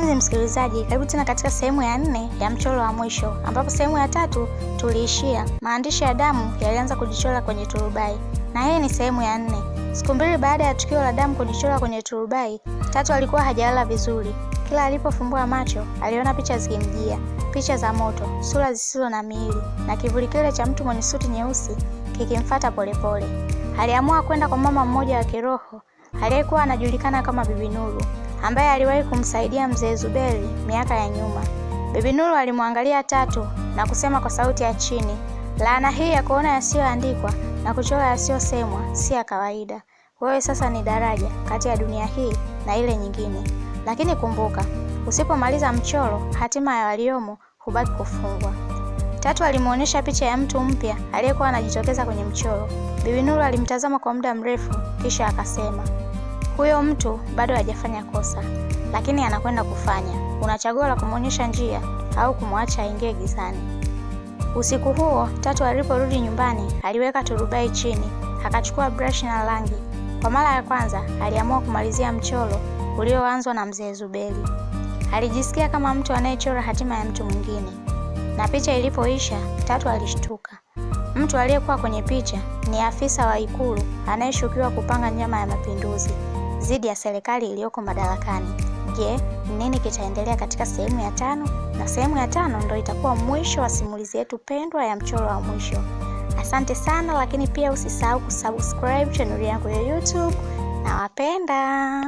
Mpenzi msikilizaji, karibu tena katika sehemu ya nne ya mchoro wa mwisho, ambapo sehemu ya tatu tuliishia maandishi ya damu yalianza kujichora kwenye turubai, na hii ni sehemu ya nne. Siku mbili baada ya tukio la damu kujichora kwenye turubai, Tatu alikuwa hajalala vizuri. Kila alipofumbua macho, aliona picha zikimjia, picha za moto, sura zisizo na miili, na kivuli kile cha mtu mwenye suti nyeusi kikimfata polepole. Aliamua kwenda kwa mama mmoja wa kiroho aliyekuwa anajulikana kama Bibi Nuru ambaye aliwahi kumsaidia mzee Zuberi miaka ya nyuma. Bibi Nuru alimwangalia Tatu na kusema kwa sauti ya chini, laana hii ya kuona yasiyoandikwa na kuchora yasiyosemwa si ya kawaida. Wewe sasa ni daraja kati ya dunia hii na ile nyingine, lakini kumbuka, usipomaliza mchoro, hatima ya waliomo hubaki kufungwa. Tatu alimwonyesha picha ya mtu mpya aliyekuwa anajitokeza kwenye mchoro. Bibi Nuru alimtazama kwa muda mrefu, kisha akasema huyo mtu bado hajafanya kosa, lakini anakwenda kufanya. Unachagua la kumwonyesha njia au kumwacha aingie gizani. Usiku huo Tatu aliporudi nyumbani, aliweka turubai chini, akachukua brashi na rangi. Kwa mara ya kwanza aliamua kumalizia mchoro ulioanzwa na mzee zubeli Alijisikia kama mtu anayechora hatima ya mtu mwingine, na picha ilipoisha, Tatu alishtuka. Mtu aliyekuwa kwenye picha ni afisa wa Ikulu anayeshukiwa kupanga njama ya mapinduzi dhidi ya serikali iliyoko madarakani. Je, nini kitaendelea katika sehemu ya tano? Na sehemu ya tano ndo itakuwa mwisho wa simulizi yetu pendwa ya mchoro wa mwisho. Asante sana, lakini pia usisahau kusubscribe channel yangu ya YouTube. Nawapenda.